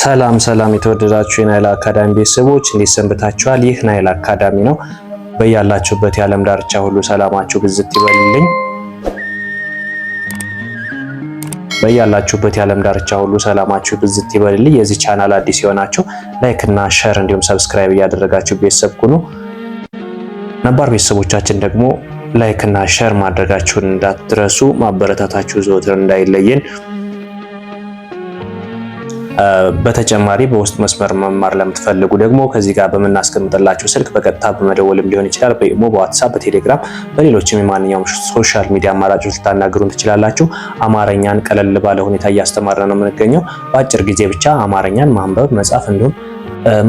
ሰላም ሰላም የተወደዳችሁ የናይል አካዳሚ ቤተሰቦች እንዴት ሰንብታችኋል? ይህ ናይል አካዳሚ ነው። በያላችሁበት የዓለም ዳርቻ ሁሉ ሰላማችሁ ብዝት ይበልልኝ። በያላችሁበት የዓለም ዳርቻ ሁሉ ሰላማችሁ ብዝት ይበልልኝ። የዚህ ቻናል አዲስ የሆናችሁ ላይክ እና ሸር እንዲሁም ሰብስክራይብ እያደረጋችሁ ቤተሰብ ሁኑ። ነባር ቤተሰቦቻችን ደግሞ ላይክ እና ሸር ማድረጋችሁን እንዳትረሱ፣ ማበረታታችሁ ዘወትር እንዳይለየን በተጨማሪ በውስጥ መስመር መማር ለምትፈልጉ ደግሞ ከዚህ ጋር በምናስቀምጥላችሁ ስልክ በቀጥታ በመደወልም ሊሆን ይችላል። በኢሞ፣ በዋትሳፕ፣ በቴሌግራም በሌሎችም የማንኛውም ሶሻል ሚዲያ አማራጮች ልታናግሩን ትችላላችሁ። አማርኛን ቀለል ባለ ሁኔታ እያስተማረ ነው የምንገኘው። በአጭር ጊዜ ብቻ አማርኛን ማንበብ መጻፍ እንዲሁም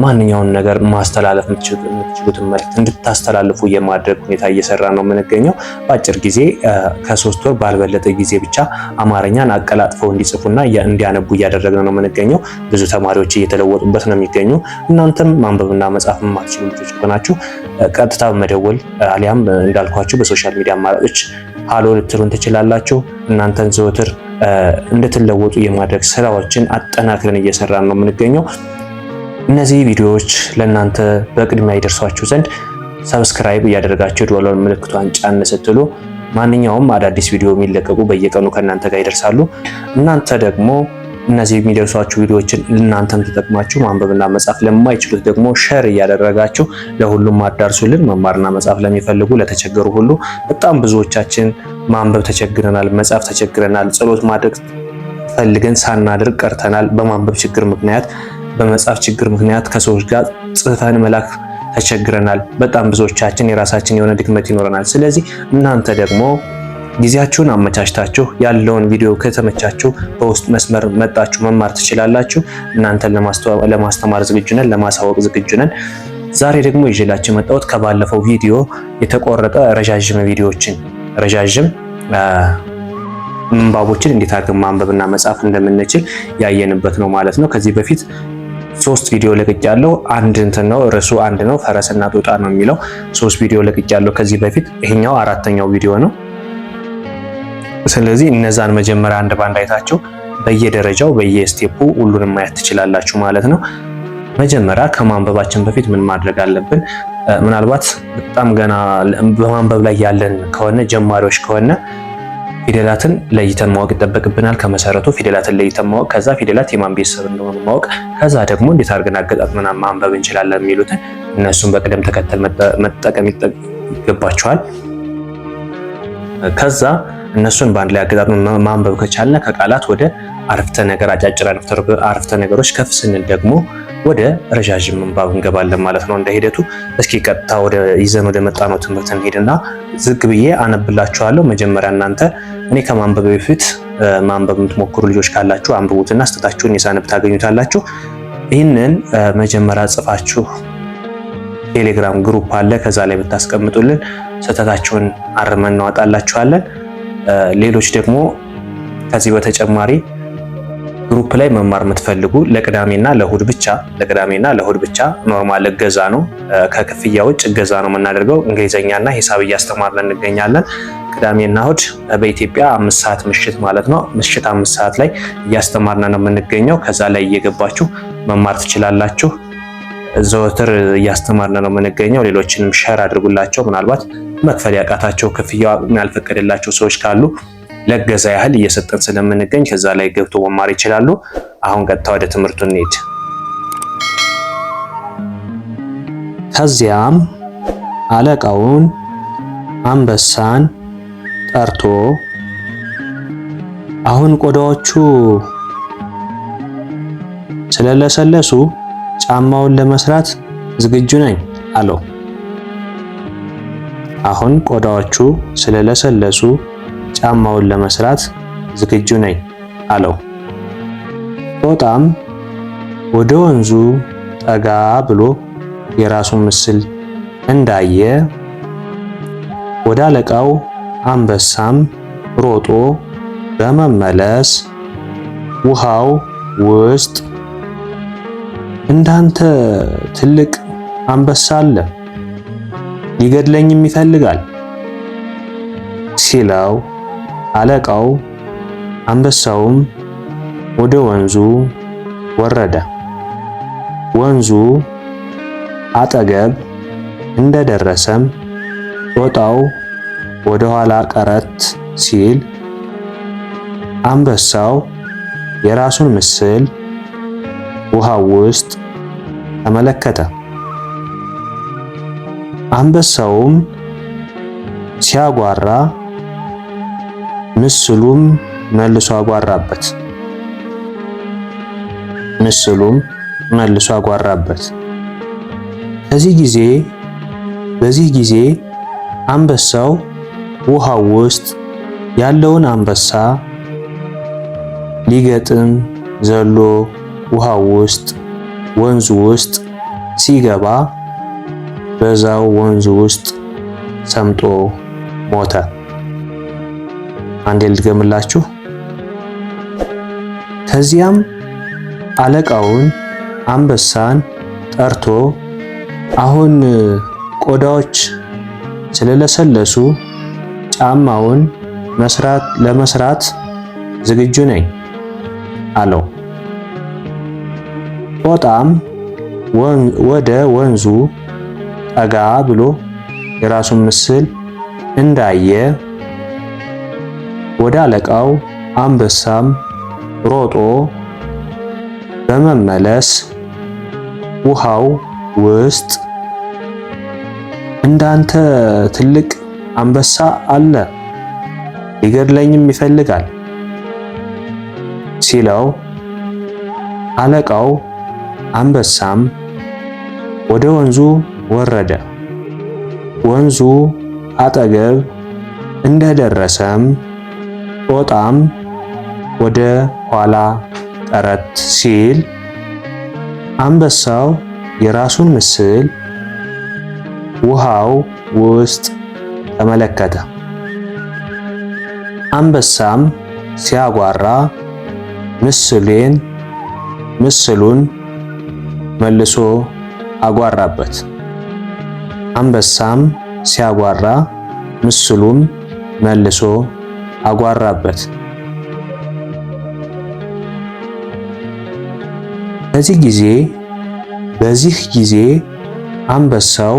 ማንኛውን ነገር ማስተላለፍ የምትችሉትን መልዕክት እንድታስተላልፉ የማድረግ ሁኔታ እየሰራ ነው የምንገኘው። በአጭር ጊዜ ከሶስት ወር ባልበለጠ ጊዜ ብቻ አማርኛን አቀላጥፈው እንዲጽፉና እንዲያነቡ እያደረግን ነው የምንገኘው። ብዙ ተማሪዎች እየተለወጡበት ነው የሚገኙ። እናንተም ማንበብና መጻፍ የማትችሉ ልጆች ከሆናችሁ ቀጥታ በመደወል አሊያም እንዳልኳችሁ በሶሻል ሚዲያ አማራጮች ሀሎ ልትሉን ትችላላችሁ። እናንተን ዘወትር እንድትለወጡ የማድረግ ስራዎችን አጠናክረን እየሰራን ነው የምንገኘው። እነዚህ ቪዲዮዎች ለእናንተ በቅድሚያ ይደርሷችሁ ዘንድ ሰብስክራይብ እያደረጋችሁ ደወል ምልክቷን ጫን ስትሉ ማንኛውም አዳዲስ ቪዲዮ የሚለቀቁ በየቀኑ ከእናንተ ጋር ይደርሳሉ። እናንተ ደግሞ እነዚህ የሚደርሷችሁ ቪዲዮዎችን ለእናንተም ተጠቅማችሁ ማንበብና መጻፍ ለማይችሉት ደግሞ ሸር እያደረጋችሁ ለሁሉም አዳርሱልን። መማርና መጻፍ ለሚፈልጉ ለተቸገሩ ሁሉ በጣም ብዙዎቻችን ማንበብ ተቸግረናል፣ መጻፍ ተቸግረናል፣ ጸሎት ማድረግ ፈልገን ሳናደርግ ቀርተናል በማንበብ ችግር ምክንያት በመጻፍ ችግር ምክንያት ከሰዎች ጋር ጽፈን መላክ ተቸግረናል። በጣም ብዙዎቻችን የራሳችን የሆነ ድክመት ይኖረናል። ስለዚህ እናንተ ደግሞ ጊዜያችሁን አመቻችታችሁ ያለውን ቪዲዮ ከተመቻችሁ በውስጥ መስመር መጣችሁ መማር ትችላላችሁ። እናንተን ለማስተማር ዝግጁ ነን፣ ለማሳወቅ ዝግጁ ነን። ዛሬ ደግሞ ይዤላችሁ የመጣሁት ከባለፈው ቪዲዮ የተቆረጠ ረዣዥም ቪዲዮዎችን ረዣዥም ምንባቦችን እንዴት አድርገን ማንበብና መጻፍ እንደምንችል ያየንበት ነው ማለት ነው። ከዚህ በፊት ሶስት ቪዲዮ ለቅጫለሁ። አንድ እንትን ነው ርዕሱ አንድ ነው፣ ፈረስና ጦጣ ነው የሚለው። ሶስት ቪዲዮ ለቅጫለሁ ከዚህ በፊት ይሄኛው አራተኛው ቪዲዮ ነው። ስለዚህ እነዛን መጀመሪያ አንድ ባንድ አይታችሁ በየደረጃው በየስቴፑ ሁሉንም ማየት ትችላላችሁ ማለት ነው። መጀመሪያ ከማንበባችን በፊት ምን ማድረግ አለብን? ምናልባት በጣም ገና በማንበብ ላይ ያለን ከሆነ ጀማሪዎች ከሆነ ፊደላትን ለይተን ማወቅ ይጠበቅብናል። ከመሰረቱ ፊደላትን ለይተን ማወቅ፣ ከዛ ፊደላት የማን ቤተሰብ እንደሆኑ ማወቅ፣ ከዛ ደግሞ እንዴት አድርገን አገጣጥመና ማንበብ እንችላለን የሚሉትን እነሱን በቅደም ተከተል መጠቀም ይገባቸዋል። ከዛ እነሱን በአንድ ላይ አገጣጥመን ማንበብ ከቻልን ከቃላት ወደ አረፍተ ነገር አጫጭር አረፍተ ነገሮች ከፍ ስንል ደግሞ ወደ ረዣዥም ምንባብ እንገባለን ማለት ነው። እንደ ሂደቱ እስኪ ቀጥታ ወደ ይዘን ወደ መጣነው ትምህርት እንሄድና ዝግ ብዬ አነብላችኋለሁ። መጀመሪያ እናንተ እኔ ከማንበብ በፊት ማንበብ የምትሞክሩ ልጆች ካላችሁ አንብቡትና ስህተታችሁን የሳንብ ታገኙታላችሁ። ይህንን መጀመሪያ ጽፋችሁ ቴሌግራም ግሩፕ አለ፣ ከዛ ላይ ብታስቀምጡልን ስህተታችሁን አርመን እናወጣላችኋለን። ሌሎች ደግሞ ከዚህ በተጨማሪ ግሩፕ ላይ መማር የምትፈልጉ ለቅዳሜና ለእሁድ ብቻ ለቅዳሜና ለእሁድ ብቻ ኖርማል እገዛ ነው፣ ከክፍያ ውጭ እገዛ ነው የምናደርገው። እንግሊዝኛና ሂሳብ እያስተማርን እንገኛለን። ቅዳሜና እሁድ በኢትዮጵያ አምስት ሰዓት ምሽት ማለት ነው። ምሽት አምስት ሰዓት ላይ እያስተማርን ነው የምንገኘው። ከዛ ላይ እየገባችሁ መማር ትችላላችሁ። ዘወትር እያስተማርን ነው የምንገኘው። ሌሎችንም ሸር አድርጉላቸው። ምናልባት መክፈል ያቃታቸው ክፍያ ያልፈቀደላቸው ሰዎች ካሉ ለገዛ ያህል እየሰጠን ስለምንገኝ ከዛ ላይ ገብቶ መማር ይችላሉ። አሁን ቀጥታ ወደ ትምህርቱ እንሄድ። ከዚያም አለቃውን አንበሳን ጠርቶ አሁን ቆዳዎቹ ስለለሰለሱ ጫማውን ለመስራት ዝግጁ ነኝ አለው። አሁን ቆዳዎቹ ስለለሰለሱ ጫማውን ለመስራት ዝግጁ ነኝ አለው። ጦጣም ወደ ወንዙ ጠጋ ብሎ የራሱን ምስል እንዳየ ወደ አለቃው አንበሳም ሮጦ በመመለስ ውሃው ውስጥ እንዳንተ ትልቅ አንበሳ አለ፣ ሊገድለኝም ይፈልጋል ሲለው አለቃው አንበሳውም ወደ ወንዙ ወረደ። ወንዙ አጠገብ እንደደረሰም ጦጣው ወደ ኋላ ቀረት ሲል አንበሳው የራሱን ምስል ውሃው ውስጥ ተመለከተ። አንበሳውም ሲያጓራ ምስሉም መልሶ አጓራበት ምስሉም መልሶ አጓራበት። ከዚህ ጊዜ በዚህ ጊዜ አንበሳው ውሃው ውስጥ ያለውን አንበሳ ሊገጥም ዘሎ ውሃው ውስጥ ወንዙ ውስጥ ሲገባ በዛው ወንዙ ውስጥ ሰምጦ ሞተ። አንዴ ልድገምላችሁ። ከዚያም አለቃውን አንበሳን ጠርቶ አሁን ቆዳዎች ስለለሰለሱ ጫማውን መስራት ለመስራት ዝግጁ ነኝ አለው። ጦጣም ወደ ወንዙ ጠጋ ብሎ የራሱን ምስል እንዳየ ወደ አለቃው አንበሳም ሮጦ በመመለስ ውሃው ውስጥ እንዳንተ ትልቅ አንበሳ አለ፣ ሊገድለኝም ይፈልጋል ሲለው አለቃው አንበሳም ወደ ወንዙ ወረደ። ወንዙ አጠገብ እንደደረሰም ጦጣም ወደ ኋላ ጠረት ሲል አንበሳው የራሱን ምስል ውሃው ውስጥ ተመለከተ። አንበሳም ሲያጓራ ምስሌን ምስሉን መልሶ አጓራበት። አንበሳም ሲያጓራ ምስሉም መልሶ አጓራበት። በዚህ ጊዜ በዚህ ጊዜ አንበሳው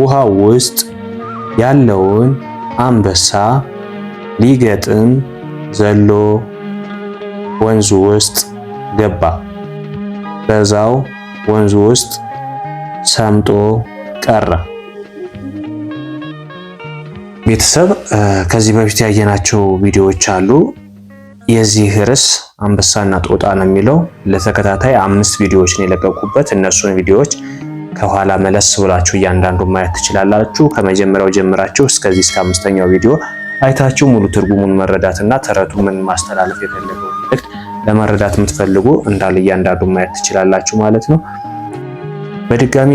ውሃው ውስጥ ያለውን አንበሳ ሊገጥም ዘሎ ወንዙ ውስጥ ገባ። በዛው ወንዙ ውስጥ ሰምጦ ቀረ። ቤተሰብ ከዚህ በፊት ያየናቸው ቪዲዮዎች አሉ። የዚህ ርዕስ አንበሳና ጦጣ ነው የሚለው ለተከታታይ አምስት ቪዲዮዎችን የለቀቁበት እነሱን ቪዲዮዎች ከኋላ መለስ ብላችሁ እያንዳንዱ ማየት ትችላላችሁ። ከመጀመሪያው ጀምራችሁ እስከዚህ እስከ አምስተኛው ቪዲዮ አይታችሁ ሙሉ ትርጉሙን መረዳትና ተረቱ ምን ማስተላለፍ የፈለገው መልእክት ለመረዳት የምትፈልጉ እንዳለ እያንዳንዱ ማየት ትችላላችሁ ማለት ነው። በድጋሚ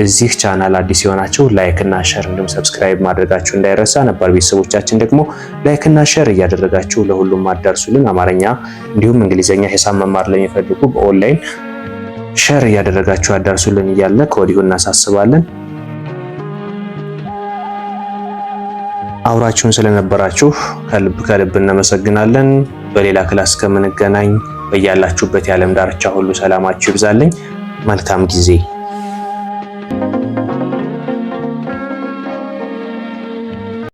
የዚህ ቻናል አዲስ የሆናችሁ ላይክ እና ሸር እንዲሁም ሰብስክራይብ ማድረጋችሁ እንዳይረሳ። ነባር ቤተሰቦቻችን ደግሞ ላይክ እና ሸር እያደረጋችሁ ለሁሉም አዳርሱልን። አማርኛ እንዲሁም እንግሊዝኛ ሂሳብ መማር ለሚፈልጉ በኦንላይን ሸር እያደረጋችሁ አዳርሱልን እያለ ከወዲሁ እናሳስባለን። አብራችሁን ስለነበራችሁ ከልብ ከልብ እናመሰግናለን። በሌላ ክላስ ከምንገናኝ በያላችሁበት የዓለም ዳርቻ ሁሉ ሰላማችሁ ይብዛልኝ። መልካም ጊዜ